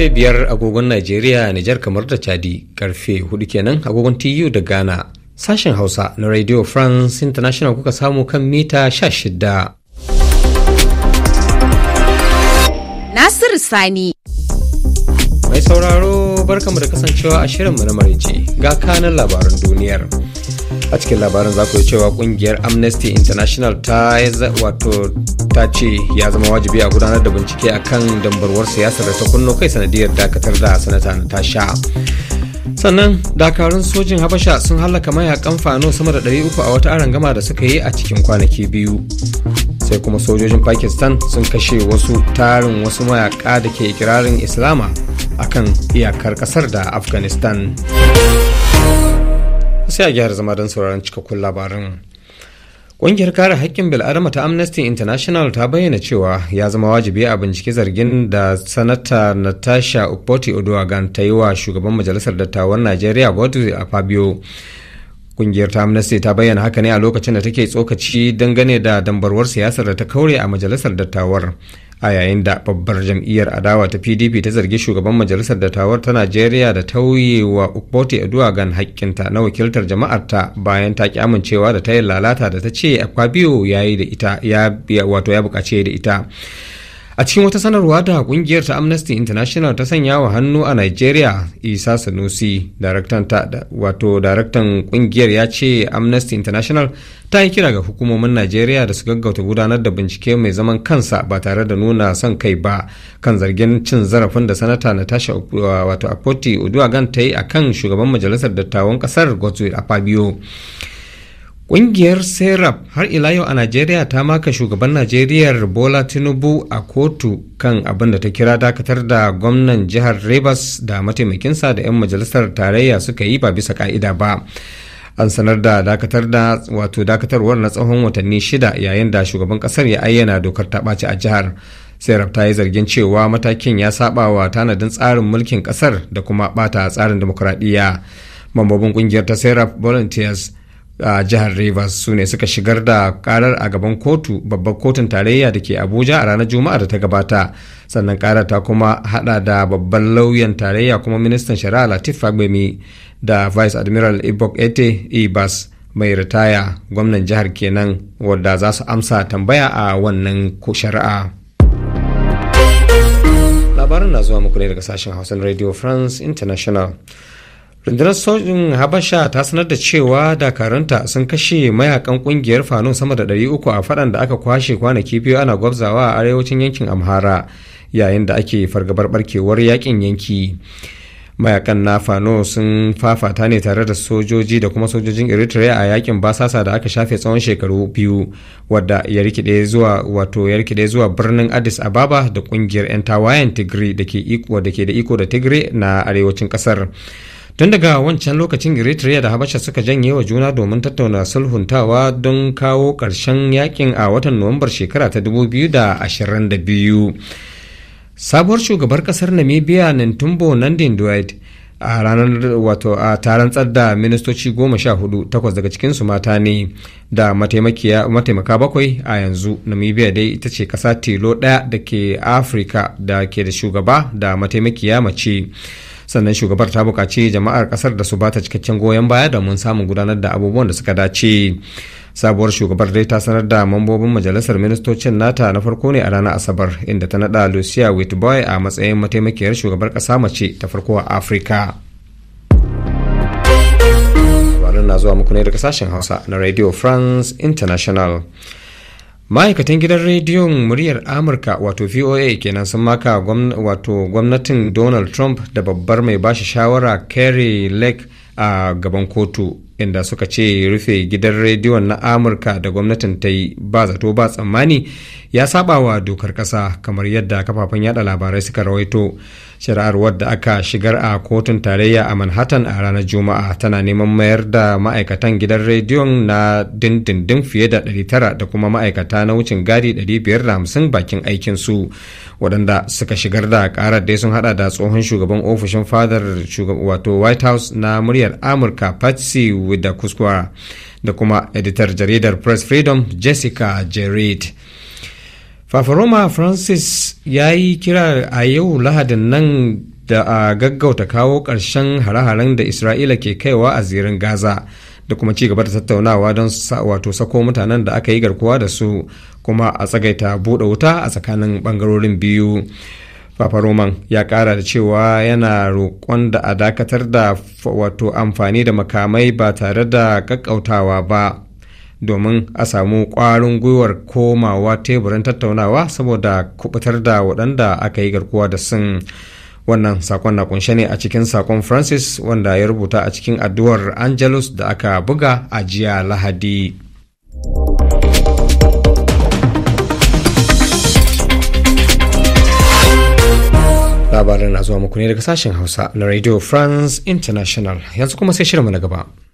karfe biyar agogon Najeriya, Nijar kamar da Chadi, karfe hudu kenan agogon TU da Ghana. Sashen Hausa na Radio France International kuka samu kan mita sha shida. Nasiru Sani. Mai sauraro barkamu da kasancewa a mu na maraice ga kanan labaran duniyar. a cikin labaran za ku yi cewa kungiyar amnesty international ta wato ta ce ya zama wajibi a gudanar da bincike a kan dambarwar siyasar da ta kunno kai sanadiyar dakatar da sanata na tasha sannan dakarun sojin habasha sun hallaka mayakan fano sama da 300 a wata arangama da suka yi a cikin kwanaki biyu sai kuma sojojin pakistan sun kashe wasu tarin wasu mayaka da ke ikirarin islama akan iyakar kasar da afghanistan sai a gyara zama don sauraron cikakkun labarin. Ƙungiyar kare haƙƙin bil'adama ta Amnesty International ta bayyana cewa ya zama wajibi a bincike zargin da sanata Natasha Upoti Oduwagan ta yi wa shugaban majalisar dattawan Najeriya a fabio Ƙungiyar ta Amnesty ta bayyana haka ne a lokacin da take tsokaci dangane da dambarwar siyasar da ta kaure a majalisar dattawar. a yayin da babbar jam'iyyar adawa ta pdp ta zargi shugaban majalisar dattawar ta najeriya da tauye wa ukbote eduwagan hakkinta na wakiltar jama'arta bayan ta ki amincewa da tayin lalata da ta ce akwa ya yi da ita wato ya bukaci da ita a cikin wata sanarwa da kungiyar ta amnesty international ta sanya wa hannu a nigeria isa sanusi wato daraktan kungiyar ya ce amnesty international ta yi kira ga hukumomin nigeria da su gaggauta gudanar da bincike mai zaman kansa ba tare da nuna son kai ba kan zargin cin zarafin da sanata natasha wato akpoti oduagan ta yi a kan shugaban majalisar dattawan kasar godswill fabio. Ƙungiyar serap har ila yau a Najeriya ta maka shugaban Najeriya Bola Tinubu a kotu kan abin da ta kira dakatar da gwamnan jihar Rivers da mataimakinsa da 'yan majalisar tarayya suka yi ba bisa ka'ida ba. An sanar da dakatar da wato dakatarwar na tsawon watanni shida yayin da shugaban ƙasar ya ayyana dokar ta ɓaci a jihar. serap ta yi zargin cewa matakin ya saba wa tanadin tsarin mulkin ƙasar da kuma ɓata tsarin dimokuraɗiyya. Mambobin ƙungiyar ta serap Volunteers a jihar Rivers su ne suka shigar da karar a gaban kotu babbar kotun tarayya da ke Abuja a ranar Juma'a da ta gabata. Sannan karar ta kuma hada da babban lauyan tarayya kuma ministan shari'a Latif Fagbemi da Vice Admiral Ibok Ete Ibas mai ritaya gwamnan jihar kenan wadda za su amsa tambaya a wannan shari'a. Labarin na zuwa muku ne daga sashen Hausan Radio France International. rundunar sojin habasha ta sanar da cewa dakaranta sun kashe mayakan kungiyar fanon sama da 300 a fadan da aka kwashe kwanaki biyu ana gwabzawa a arewacin yankin amhara yayin da ake fargabar barkewar yakin yanki mayakan na fano sun fafata ne tare da sojoji da kuma sojojin eritrea a yakin basasa da aka shafe tsawon shekaru biyu wadda ya rikide zuwa wato ya rikide zuwa birnin addis ababa da kungiyar 'yan tawayen tigray da ke da iko da tigray na arewacin kasar tun daga wancan lokacin eritrea da habasha suka janye wa juna domin tattauna sulhuntawa don kawo ƙarshen yakin a watan nuwambar shekara ta 2022 sabuwar shugabar kasar namibia nintumbo nandin duwaid a ranar wato a taron tsada ministoci goma sha hudu takwas daga cikinsu mata ne da mataimaka bakwai a yanzu namibia dai ita ce kasa tilo daya da ke afirka da ke da shugaba da mataimakiya mace sannan shugabar ta bukaci jama'ar kasar da su ba ta cikakken goyon baya da mun samu gudanar da abubuwan da suka dace sabuwar shugabar dai ta sanar da mambobin majalisar ministocin nata na farko ne a ranar asabar inda ta nada lucia whitboy a matsayin mataimakiyar shugabar ƙasa mace ta farko a afirka na zuwa muku ne daga sashen hausa na radio france international ma'aikatan gidan rediyon muryar amurka wato voa kenan sun maka wato gwamnatin donald trump da babbar mai bashi shawara kerry lake a gaban kotu inda suka ce rufe gidan rediyon na amurka da gwamnatin ta yi ba zato ba tsammani ya saba wa dokar kasa kamar yadda kafafen yada labarai suka rawaito shari'ar wadda aka shigar a kotun tarayya a manhattan a ranar juma'a tana neman mayar da ma'aikatan gidan rediyon na dindindin fiye da 900 da kuma ma'aikata na wucin gadi 550 bakin aikin su waɗanda suka shigar da ƙarar dai sun hada da tsohon shugaban ofishin fadar wato white house na muryar amurka patsy da kuskura da kuma editar jaridar press freedom jessica jared fafaroma francis ya yi kira a yau lahadin nan da a gaggauta kawo ƙarshen hare-haren da isra'ila ke kaiwa a zirin gaza da kuma ci gaba da tattaunawa don wato sako mutanen da aka yi garkuwa da su kuma a tsagaita buɗe wuta a tsakanin ɓangarorin biyu Papa ya ƙara da cewa yana roƙon da a dakatar da wato amfani da makamai ba tare da ƙaƙƙautawa ba. domin a samu kwarin gwiwar komawa teburin tattaunawa saboda kubutar da waɗanda aka yi garkuwa da sun wannan sakon na kunshe ne a cikin sakon francis wanda ya rubuta a cikin addu'ar angelus da aka buga a jiya lahadi labarin na zuwa muku ne daga sashen hausa na radio france international yanzu kuma sai shirinmu na gaba